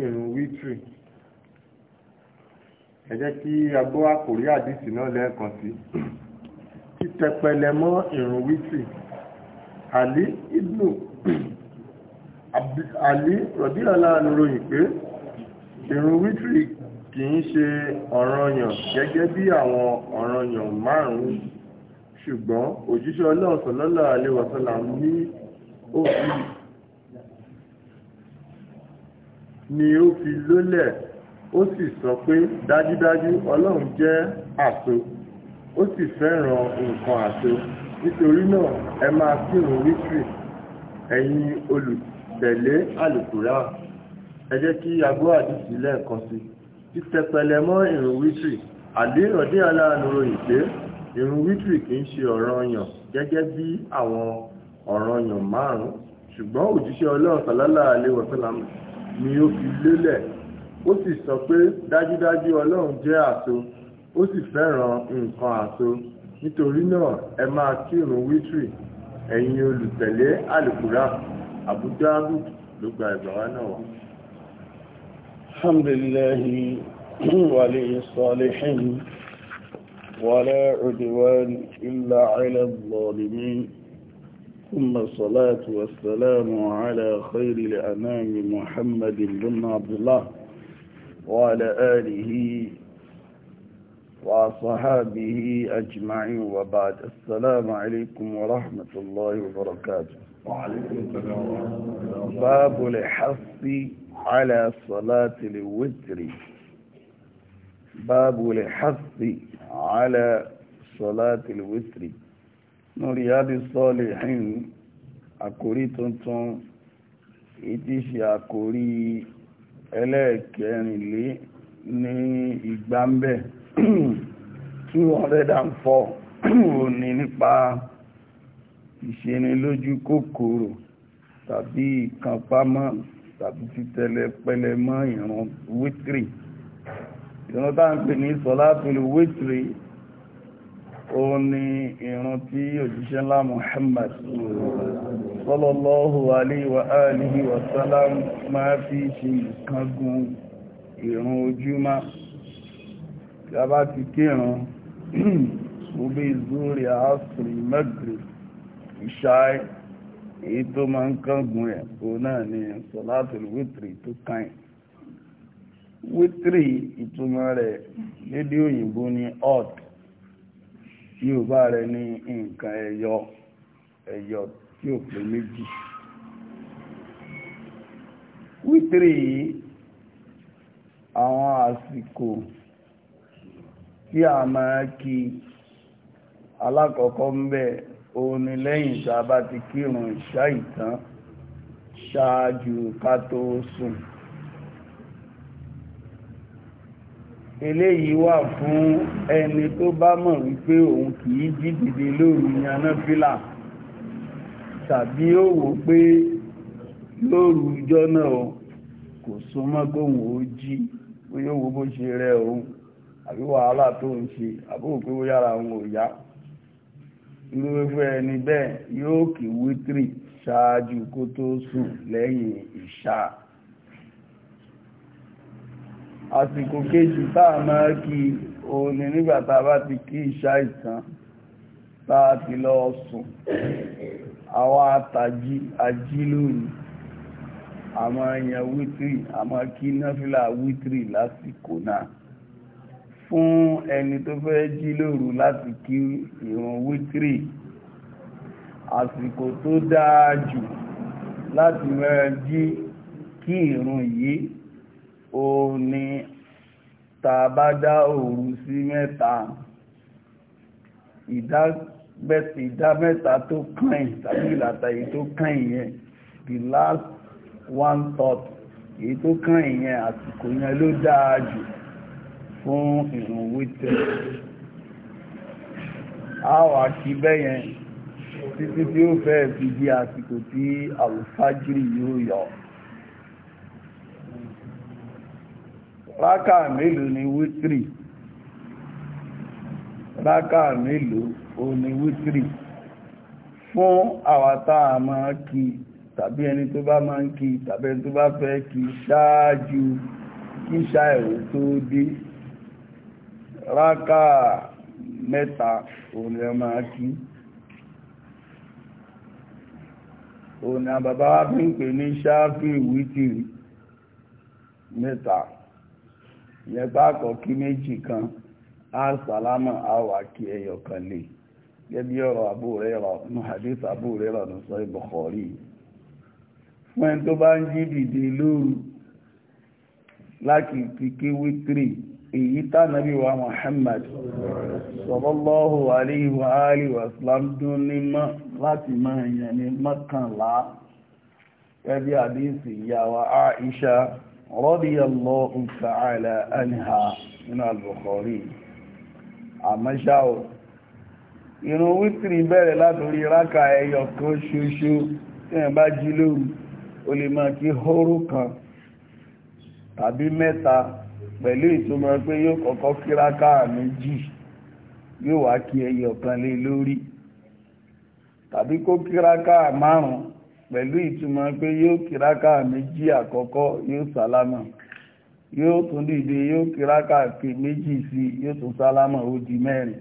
ìrun wítìrì ẹ jẹ́ kí agbó àkòrí àdìsí náà lẹ́ẹ̀kan sí títẹpẹlẹ mọ́ ìrun wítìrì àlí ibnu àlí rọ̀dílọ́lá ròyìn pé ìrun wítìrì kì í ṣe ọ̀ranyàn gẹ́gẹ́ bí àwọn ọ̀ranyàn márùn-ún ṣùgbọ́n òjíṣẹ́ ọlọ́ọ̀sán lọ́lọ́ àlewọ̀sán là ń ní òfin ni ó fi lólẹ̀ ó sì sọ pé dájúdájú ọlọ́run jẹ́ àṣọ ó sì fẹ́ràn nǹkan àṣọ nítorí náà ẹ máa kírun wítìrì ẹ̀yin olùtẹ̀lé àlùkùrá ẹ jẹ́ kí agbó àdìsí lẹ́ẹ̀kan sí títẹpẹlẹ mọ́ ìrun wítìrì àdé ọ̀dẹ́ aláàánú ròyìn pé ìrun wítìrì kì í ṣe ọ̀ranyàn gẹ́gẹ́ bí àwọn ọ̀ranyàn márùn-ún ṣùgbọ́n òjíṣẹ́ ọlọ́run sàlálà alẹ́ wọ̀sálàmù ni ó fi lélẹ̀ ó sì sọ pé dájúdájú ọlọ́run jẹ́ àṣọ ó sì fẹ́ràn nǹkan àṣọ nítorí náà ẹ máa kírun wítìrì ẹ̀yin olùtẹ̀lé àlùkùrá Abu Dawud ló gba ìgbàwá náà wá. alhamdulillahi wali salihin wala udwan illa ala zalimin. ثم الصلاة والسلام على خير الأنام محمد بن عبد الله وعلى آله وصحابه أجمعين وبعد السلام عليكم ورحمة الله وبركاته وعليكم السلام ورحمة الله باب الحص على صلاة الوتر باب الحص على صلاة الوتر lórí Riyadus-Salihin àkórí tuntun ètí ṣe àkórí ẹlẹ́ẹ̀kẹrìnlé ní ìgbàmbẹ̀ 204 òní nípa ìṣenilójú kòkòrò tàbí ìkànpámọ́ tàbí títẹ̀lẹ̀ pẹlẹ mọ́ ìrun wítìrì ìrun tá ń pè ní sọ́látùlù wítìrì ó ní ìrun tí òjíṣẹ́ ńlá Muhammad sallallahu alaihi wa alihi wa sallam máa fi ṣe nǹkan gun ìrun ojúmá tí a bá ti kírun ṣubí zúrí àásìrì mẹ́gbìrì ìṣáì èyí tó máa ń kán gun ẹ̀ o náà ni sọ̀látùl wítìrì tó káyìn wítìrì ìtumọ̀ rẹ̀ lédè òyìnbó ni ọ́tù Yorùbá rẹ̀ ní nǹkan ẹyọ ẹyọ tí ò pé méjì wítìrì yìí àwọn àsìkò tí a máa kí alákọ̀ọ́kọ́ ń bẹ òun ni lẹ́yìn tá ti kírun ìṣá ìtàn ṣáájú ká tó sùn eléyìí wà fún ẹni tó bá mọ̀ wípé òun kìí jí dìde lóru yaná fílà tàbí ó wò pé lóru ìjọ náà kò súnmọ́ kóhùn ó jí bóyá owó bó ṣe rẹ òun àbí wàhálà tó ń ṣe àbúrò pé ó yára òun ò yá irúfẹ́ ẹni bẹ́ẹ̀ yóò kí wítírì ṣáájú kó tó sùn lẹ́yìn ìṣá. àsìkò kejì táà máa kí òní nígbàtà bá ti kí ìṣá ìtàn táà ti lọ sùn àwọn àtàjí ají lónìí àmọ́ èèyàn wítìrì àmọ́ kí náfílà wítìrì lásìkò náà fún ẹni tó fẹ́ jí láti kí ìrun wítìrì àsìkò tó dáa jù láti mẹ́rin jí kí ìrun yìí ó ní tàbádá òru sí mẹ́ta ìdá mẹ́ta tó kàn tàbí ìlàta èyí tó kàn yẹn the last one third èyí tó kàn yẹn àsìkò yẹn ló dáa jù fún ìrun wítẹ̀ àwà kí bẹ́yẹn títí tí ó fẹ́ fi di àsìkò tí àlùfájìrì yóò yọ rákà mélòó ni wítírì rákà mélòó o ni wítírì fún àwàtà àmà kí tàbí ẹni tó bá máa ń kí tàbí ẹni tó bá fẹ́ kí ṣáájú kíṣà ẹ̀wò tó dé rákà mẹ́ta òun ni máa kí òun àbàbá wá fi ń pè ní ṣááfì wítírì mẹ́ta ìyẹn bá kọ kí méjì kan àṣàlámà àwà kí ẹyọ kan lè gẹ́bí ọ̀rọ̀ àbúrẹ́rọ̀ ní hadith àbúrẹ́rọ̀ ní sọ ìbọ̀kọ̀rí fún ẹni tó bá ń jí dìde lóru láti ti kí wítírì èyí tánàbí wa Muhammad sallallahu alayhi radiyallahu ta'ala anha nínú al-Bukhari àmọ́ṣá o ìrun wítìrì bẹ̀rẹ̀ látòrí ráka ẹyọ kan ṣoṣo tí wọ́n bá jí lóru o lè máa kí hóró kan tàbí mẹ́ta pẹ̀lú ìtumọ̀ pé yóò kọ́kọ́ kí ráka méjì yóò wá kí ẹyọ kan lé lórí tàbí kó kí ráka márùn-ún pẹ̀lú ìtumọ̀ pé yóò kíráká méjì àkọ́kọ́ yóò sálámà yóò tún dìde yóò kíráká méjì sí yóò tún sálámà ó di mẹ́rin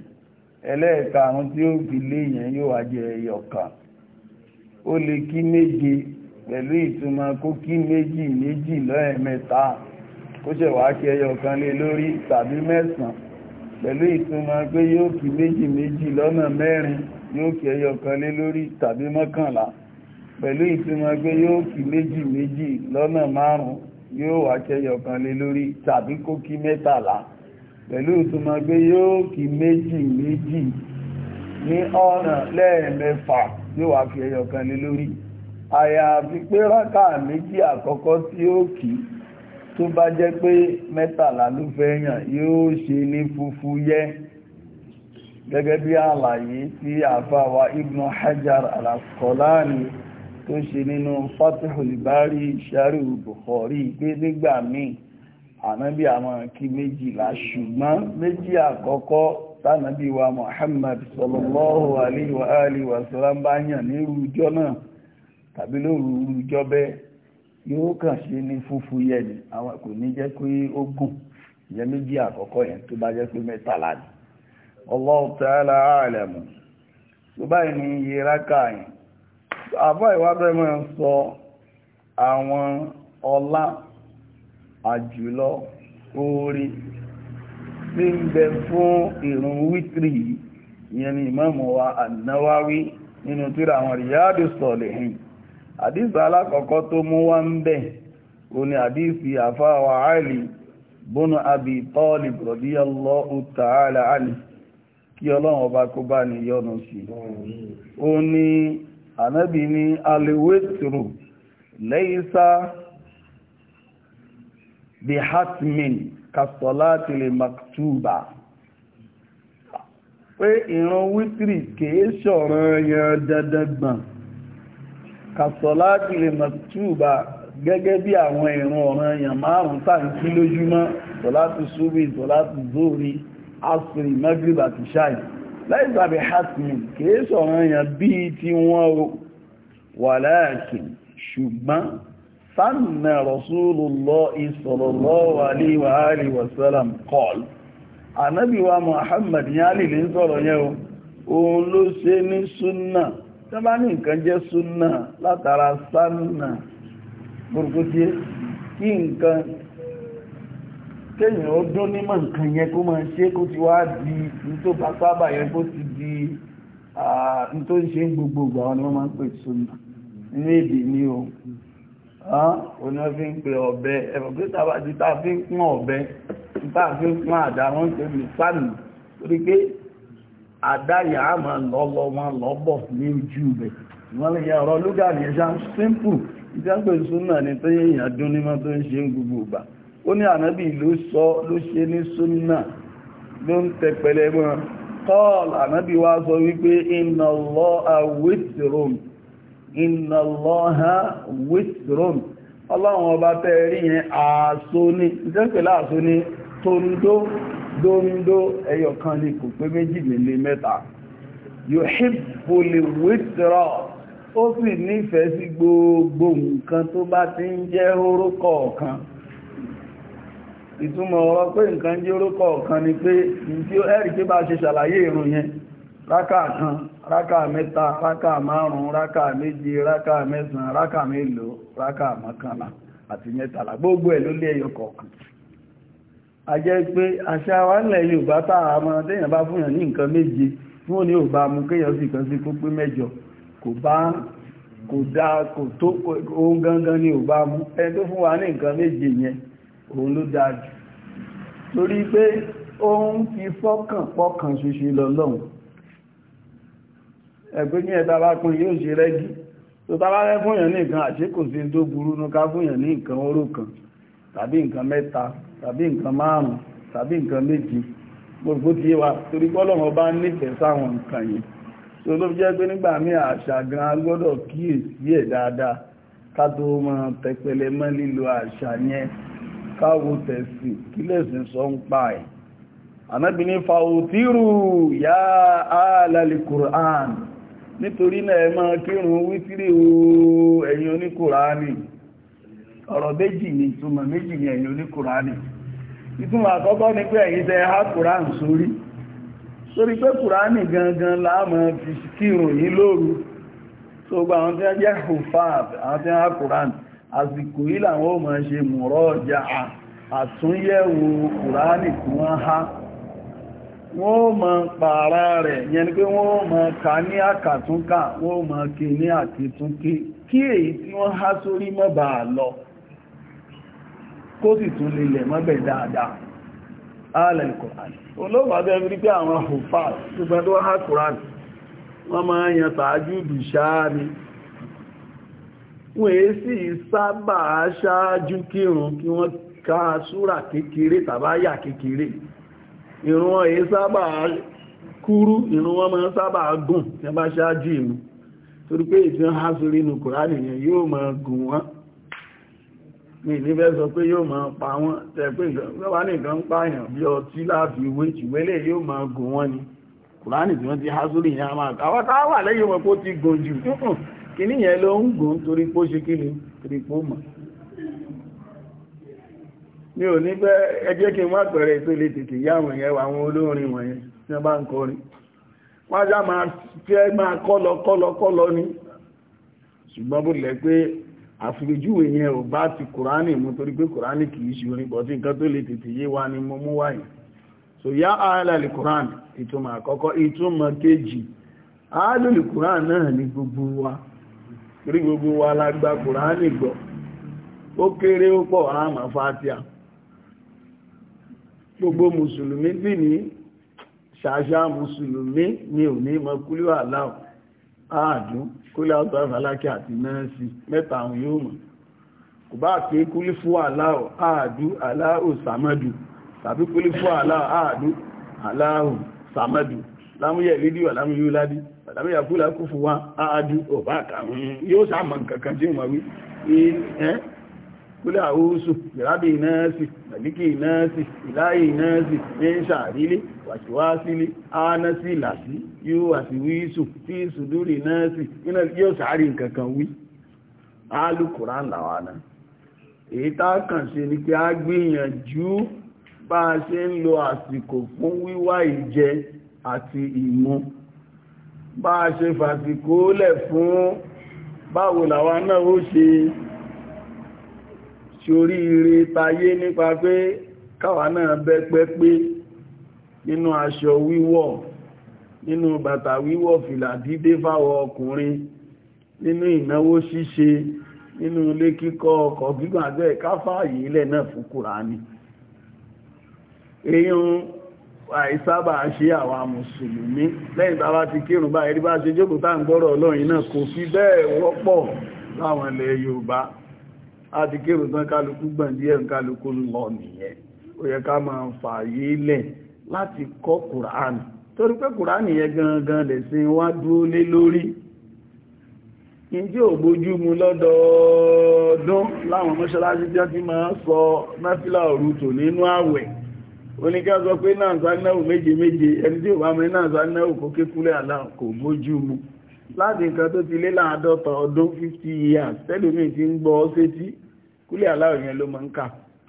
ẹlẹ́ẹ̀ka àwọn tí ó fi lé yẹn yóò wá jẹ ó lè kí méje pẹ̀lú ìtumọ̀ kó kí méjì méjì kó ṣe wá kí lé lórí tàbí mẹ́sàn pẹ̀lú ìtumọ̀ pé yóò kí méjì méjì lọ́nà mẹ́rin yóò kí lé lórí tàbí pẹ̀lú ìtumọ̀ pé yóò kí méjì méjì lọ́nà márùn-ún yóò wá kẹyọ kan lé lórí tàbí kó kí mẹ́tàlá pẹ̀lú ìtumọ̀ pé yóò kí méjì méjì ní ọ̀nà lẹ́ẹ̀mẹ́fà yóò wá fi ẹyọ kan lé lórí àyàfi pé rákà méjì àkọ́kọ́ tí ó kí tó bá jẹ́ pé mẹ́tàlá ló fẹ́ yàn yóò ṣe ní fúfú yẹ́ gẹ́gẹ́ bí àlàyé tí àfáwà Ibn Hajar al-Asqalani tó ṣe nínú Fathul Bari ṣàrí Bukhari pé nígbà míì ànábì àmọ́ kí méjìlá ṣùgbọ́n méjì àkọ́kọ́ tánàbí wa Muhammad sallallahu alaihi wa wa ní rújọ́ náà tàbí lóru rújọ́ bẹ́ẹ̀ yóò kàn ṣe ní fúfú ni àwọn kò ní jẹ́ pé ó gùn méjì àkọ́kọ́ yẹn tó bá jẹ́ pé ni àbá ìwádọ́ ẹmọ́ sọ àwọn ọlá àjùlọ orí tí ń bẹ fún ìrun wítìrì yẹn ni ìmáàmù wa ànáwáwí nínú tíra àwọn Riyadu Salihin àdísà alákọ̀ọ́kọ́ tó mú wá ń bẹ̀ o ni àdísì àfáwà bónú ànábì ní alewetru laysa bihatmin kasolati lè maktuba pé ìran wítìrì kìí ṣọ̀ràn yan dandan gbọ̀n kasolati lè maktuba gẹ́gẹ́ bí àwọn ìran ọ̀ràn yàn márùn-ún tàbí kí lójúmọ́ sọ̀látù súbì sọ̀látù zóòrí asìrì magrib àti ṣáì láì sàbí hasmin kìí sọ̀rọ̀ èèyàn bí i ti wọ́n o wà láàkì ṣùgbọ́n sánà rasulullahi sallallahu alaihi wa alihi wa sallam qala ànábì wa Muhammad yá lè lè sọ̀rọ̀ yẹn o òun ló ṣe ní súnà tó bá ní nǹkan jẹ́ súnà látara sánà burúkú kí nǹkan kéèyàn ó dún nímọ̀ nǹkan yẹn kó máa ṣe kó ti wá di nító bá sábà yẹn kó ti di nító ń ṣe gbogbo wọn ni wọ́n máa ń pè sunna ní èdè ní o oní wọ́n fi ń pè ọ̀bẹ ẹ̀fọ̀ pé tàbá ti tá fi ń pọ́n ọ̀bẹ tá fi ń pọ́n àdá wọ́n ṣe lè sánì torí pé àdá yà á máa lọ́lọ́ wọn lọ́bọ̀ ní ojú ibẹ̀ wọ́n lè yẹ ọ̀rọ̀ lúgà ó ní ànábì ló sọ ló ṣe ní súnnà ló ń tẹpẹlẹ mọ́ kọ́ọ̀lù ànábì wá sọ wípé inna Allaha witrun inna ọlọ́run ọba tẹ́ yẹn ààso ní ìjẹ́pẹ̀lá ààso ní tóńdó dóńdó ẹyọ kan ní kò pé méjì nílé mẹ́ta ó sì gbogbo nǹkan tó bá ti ń jẹ́ orúkọ ọ̀kan ìtumọ̀ ọ̀rọ̀ pé nǹkan jẹ́ orúkọ ọ̀kan ni pé tí ó ẹ̀rì pé bá ṣe ṣàlàyé ìrùn yẹn rákà kan rákà mẹ́ta rákà márùn-ún rákà méje rákà mẹ́sàn-án rákà mélòó rákà mọ́kànlá àti mẹ́tàlá gbogbo ẹ̀ ló lé ẹyọ a jẹ́ pé àṣà wa nílẹ̀ Yorùbá tá a téèyàn bá ní nǹkan méje mú kéèyàn sì kan sí pé mẹ́jọ kò bá kò dáa kò tó ohun gangan ni mú ẹni òun ló dáa jù torí pé ó ń fi fọ́kàn pọ́kàn ṣoṣe lọ́lọ́run ẹgbẹ́ ní ẹ̀ta bá pín yóò ṣe rẹ́gí tó tàbá rẹ́ fúnyàn ní nǹkan àṣé kò sí tó burú ní ká fúnyàn ní nǹkan oró kan tàbí nǹkan mẹ́ta tàbí nǹkan márùn-ún tàbí nǹkan méjì gbogbo tí wà torí pọ́lọ́wọ́ bá nífẹ̀ẹ́ sáwọn nǹkan yìí tó ló jẹ́ pé nígbà mí àṣà gan gbọ́dọ̀ kíyèsí ẹ̀ dáadáa ká tó mọ tẹpẹlẹ mọ́ lílo àṣà yẹn káwo tẹ̀sì kí lẹ́sìn sọ ń pa ẹ̀ ànábì ní fàòtírù yá ààlàlì kùrán nítorí náà ẹ máa wítírì o ẹ̀yin oníkùránì ọ̀rọ̀ méjì ni ìtumọ̀ méjì ni ẹ̀yin oníkùránì ìtumọ̀ àkọ́kọ́ ni pé ẹ̀yin tẹ́ há kùrán sórí sórí pé kùránì gangan láàmọ́ fi kírun lóru gba àwọn tí àsìkò yìí làwọn ma ṣe mọ̀rọ̀ ọjà àtúnyẹ̀wò kùránì tí wọ́n ha wọ́n ma pààrà rẹ̀ yẹn ni pé wọ́n ma ka ní àkàtúnkà wọ́n ma ké ní àkìtúnké kí èyí tí wọ́n há sórí lọ kó sì tún lè mọ́bẹ̀ dáadáa alẹ́ kùránì rí pé àwọn tó há kùránì wọ́n tàájú wọ́n èé sì sábà ṣáájú kírun kí wọ́n ká súrà kékeré tàbáyà kékeré ìrun wọn èé sábà kúrú ìrun wọn máa sábà gùn tí wọ́n bá ṣáájú ìmú torí pé ìfihàn hásórí inú kòránì yẹn yóò máa gùn wọ́n ní ìnífẹ́ sọ pé yóò máa pa wọ́n tẹ́pẹ́ ìjọba nìkan ń pààyàn bí ọtí láti ìwé ìwélẹ̀ yóò máa gùn wọ́n ni kùránì tí wọ́n ti ti gùn jù kìíní yẹn ló ń gùn torí pó ṣe ni torí mi ò ní pẹ́ ẹgbẹ́ kí pẹ̀rẹ̀ tó lè tètè yá àwọn ìyẹn àwọn tí wọ́n bá ń kọrin wọ́n já máa fẹ́ máa kọ́lọ kọ́lọ kọ́lọ ni ṣùgbọ́n bó lẹ́ pé àfìjúwe yẹn ò bá ti kùránì mú torí pé kùránì ṣe orin nǹkan tó lè tètè yé wa ni mo mú wáyé so yá ìtumọ̀ àkọ́kọ́ ìtumọ̀ kejì ni gbogbo wa torí gbogbo wa la gba kùránì gbọ́ ó kéré ó pọ̀ àmà fàtíà gbogbo mùsùlùmí dì ní ṣàṣà mùsùlùmí ni ò ní mọ kúlíwà láwọ̀ àádùn kúlíwà tó àfàlákì àti mẹ́ẹ̀sì mẹ́ta àwọn yóò mọ̀ kò bá pé kúlí fún aláwọ̀ àádùn aláwọ̀ sàmọ́dù tàbí kúlí fún aláwọ̀ àádùn aláwọ̀ sàmọ́dù lámúyẹ̀ lídí wà lámúyẹ̀ ládí àtàmíyà kú lákú fún wa áájú ọ̀bá àkàrùn yóò sáàmà kankan tí wọ́n wí kúlẹ̀ àwúsù ìrábì náàsì màlíkì náàsì ìláyì náàsì mẹ́ṣà rílé wàṣíwásílé ánásì làṣí yóò àti wíṣù tí ìṣùdúrì náàsì yóò sáàrí nkankan wí alùkùrán làwọn náà èyí tákàn ṣe bá a ṣe ń lo àsìkò fún wíwá ìjẹ àti ìmú bá a ṣe fàsìkò lẹ̀ fún báwo làwa náà ó ṣe ṣoríire tayé nípa pé káwa náà bẹ́ pẹ́pẹ́ nínú aṣọ wíwọ̀ nínú bàtà wíwọ̀ fìlà dídé fáwọ ọkùnrin nínú ìnáwó ṣíṣe nínú ilé kíkọ́ ọkọ̀ gígùn àgbẹ̀ káfà yìí lẹ̀ náà fún Kùránì èyàn àìsábà ṣe àwọn mùsùlùmí lẹ́yìn tàbá ti kírùn bá ẹ̀rí bá ṣe jókòó tá ń gbọ́rọ̀ ọlọ́run iná kò fi bẹ́ẹ̀ wọ́pọ̀ láwọn ilẹ̀ Yorùbá a ti kírùn tán kálukú gbọ̀ndí ẹ̀ kálukú lọ nìyẹn ó yẹ ká máa fààyè lẹ̀ láti kọ́ kùránì torí pé kùránì yẹn gangan lẹ̀sìn wa dúró lé lórí ǹjẹ́ ò bójú mu lọ́dọọdún láwọn mọ́ṣáláṣí tí wọ́n ti máa sọ náfìlà òru tò nínú àwẹ̀ oníkẹ́ sọ pé náà sánáwò méje méje ẹni tí ò bá mẹ́ náà sánáwò kó kékúlẹ̀ àlá kò mójú mu láti nǹkan tó ti lé láàádọ́ta ọdún 50 years tẹ́lómi ti ń gbọ́ sétí kúlẹ̀ àlá yẹn ló máa ń kà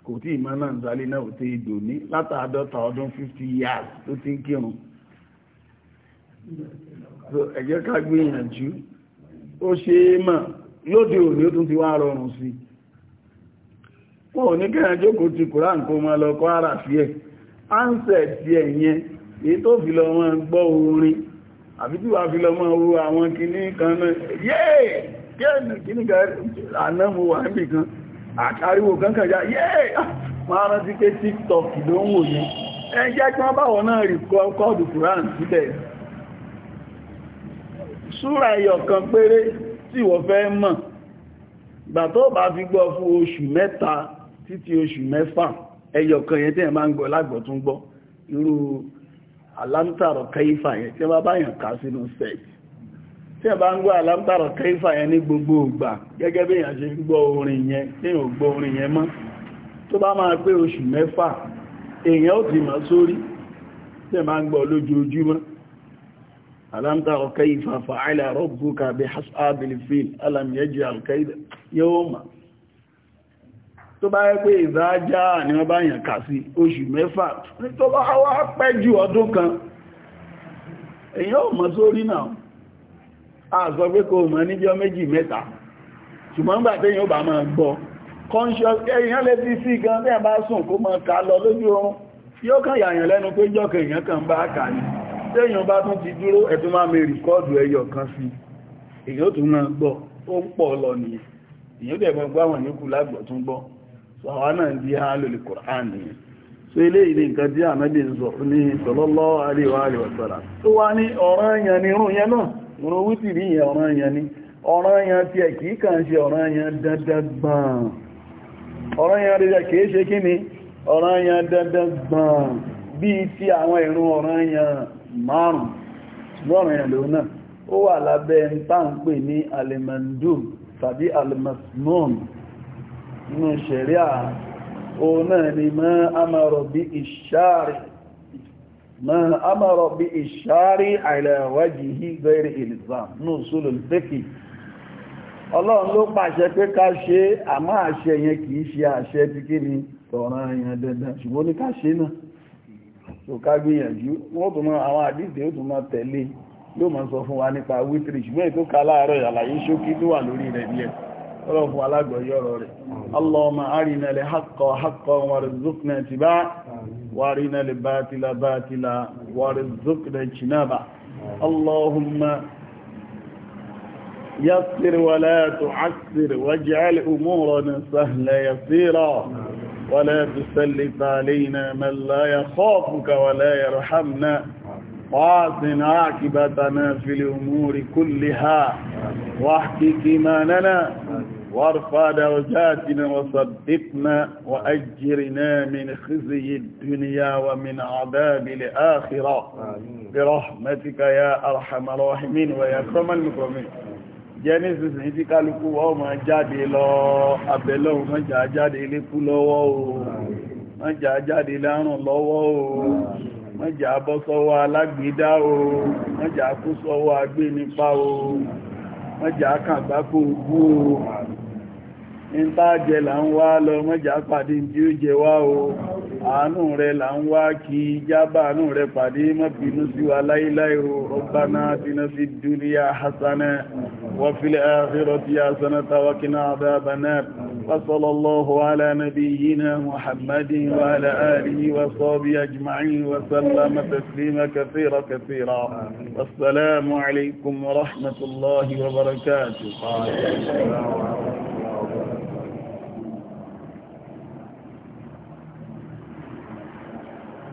kò tí ìmọ̀ náà sálẹ̀ náà ò tẹ́ ìdò ní látàádọ́ta ọdún 50 years tó ti ń kírun so ká gbìyànjú ó ṣe é mọ̀ lóde òní ó tún ti wá rọrùn sí wọn ò ní kẹ́yàn jókòó ti kùrá nǹkan ọmọ lọ kọ́ ara fi ẹ̀ ánsẹ̀ ti ẹ̀yẹn èyí tó fi lọ wọn gbọ́ orin àbí tí wà fi lọ mọ́ owó àwọn kìíní kan náà yéè kìíní kan àná mo wà níbì kan àkàríwò kankan já yéè ah! máa rántí pé tiktok ló ń wò yẹn ẹ jẹ́ kí wọ́n báwọn náà rí kọ́ọ̀dù Quran síbẹ̀ súra ẹyọ kan péré tí wọ́n fẹ́ mọ̀ gbà tó bá fi gbọ́ fún oṣù mẹ́ta títí oṣù mẹ́fà ẹyọ kan yẹn tí ẹ máa ń gbọ́ lágbọ̀ tún gbọ́ irú alámtàrọ̀ kẹfà yẹn tí wọ́n bá yàn ká sínú sẹ́ẹ̀tì tí ẹ bá ń gbọ́ alámtàrọ̀ ní gbogbo ìgbà gẹ́gẹ́ bí èèyàn ṣe gbọ́ orin yẹn tí gbọ́ orin yẹn mọ́ tó bá máa pé oṣù mẹ́fà èèyàn ó ti mọ̀ sórí tí ẹ máa ń gbọ́ lójoojúmọ́ alámtàrọ̀ kẹfà tó bá yẹ pé ìdájá ni wọ́n bá yàn kà sí oṣù mẹ́fà tó bá wá pẹ́ jù ọdún kan èyàn ò mọ̀ sórí náà a sọ pé kò mọ̀ níjọ́ méjì mẹ́ta ṣùgbọ́n gbà tẹ́yìn ó bá máa gbọ́ conscious èyàn lè ti sí gan tẹ́yàn bá sùn kó máa kà lọ lójú oorun yóò kàn yàyàn lẹ́nu pé jọ́kẹ̀ èyàn kan bá kà ní tẹ́yìn bá tún ti dúró ẹ̀tún máa mẹ́ rìkọ́ọ̀dù ẹyọ kan sí èyàn ó tún máa gbọ́ ó ń pọ̀ lọ nìyẹn èyàn dẹ̀ mọ́ gbáwọn yókù lágbọ̀ tún gbọ́ sọ̀wọ́n náà di ha lórí Qur'an nìyẹn so ilé ìdí nǹkan tí ànábì ń sọ ní sallallahu alaihi wa sallam tó wá ní ọ̀ranyàn ni irun yẹn náà irun wítìrí yẹn ọ̀ranyàn ni ọ̀ranyàn tiẹ̀ kìí kàn ṣe ọ̀ranyàn dandan gbọ̀n ọ̀ranyàn rẹ̀ kìí ṣe kí ni ọ̀ranyàn dandan gbọ̀n bíi ti àwọn ìrun ọ̀ranyàn márùn-ún ṣùgbọ́n ọ̀ranyàn lòun náà ó inú ṣẹ̀ríà òun náà ni mọ́ amọ̀rọ̀ bí ìṣàrí mọ́ amọ̀rọ̀ bí ìṣàrí àìlẹ̀wájì yí gẹ́rẹ̀ ìlìsàn ní òṣòlò ìfẹ́kì ọlọ́run ló pàṣẹ pé ká ṣe àmọ́ àṣẹ yẹn kìí ṣe àṣẹ tí kí ni tọ̀ràn èèyàn dandan ṣùgbọ́n ní ká ṣe náà tó ká gbìyànjú wọ́n tún mọ́ àwọn àdíṣẹ́ ó اللهم أرنا لحق وحق ورزقنا تباع وارنا لباطل باطل ورزقنا اجنبا اللهم يسر ولا تعسر واجعل أمورنا سهلا يسيرا ولا تسلط علينا من لا يخافك ولا يرحمنا واعطنا عاكبتنا في الأمور كلها واحكي كماننا وارفع درجاتنا وصدقنا وأجرنا من خزي الدنيا ومن عذاب الآخرة برحمتك يا أرحم الراحمين ويا أكرم المكرمين genesis ní tí kálukú wọ́n máa jáde lọ abẹ́lọ́run máa jà jáde lékú lọ́wọ́ o máa jà jáde lárùn lọ́wọ́ o máa jà bọ́ sọ́wọ́ alágbèédá o máa jà kú sọ́wọ́ agbénipa o máa jà kàgbákò ogún o ń tá jẹ là ń wá lọ mọ́jà pàdé tí ó jẹ wá o àánú rẹ là ń wá kí jábà àánú rẹ pàdé mọ́ bínú sí wa láíláí o Rabbana atina fid dunya hasana wa fil akhirati hasanatan wa qina adhaban nar وصلى الله على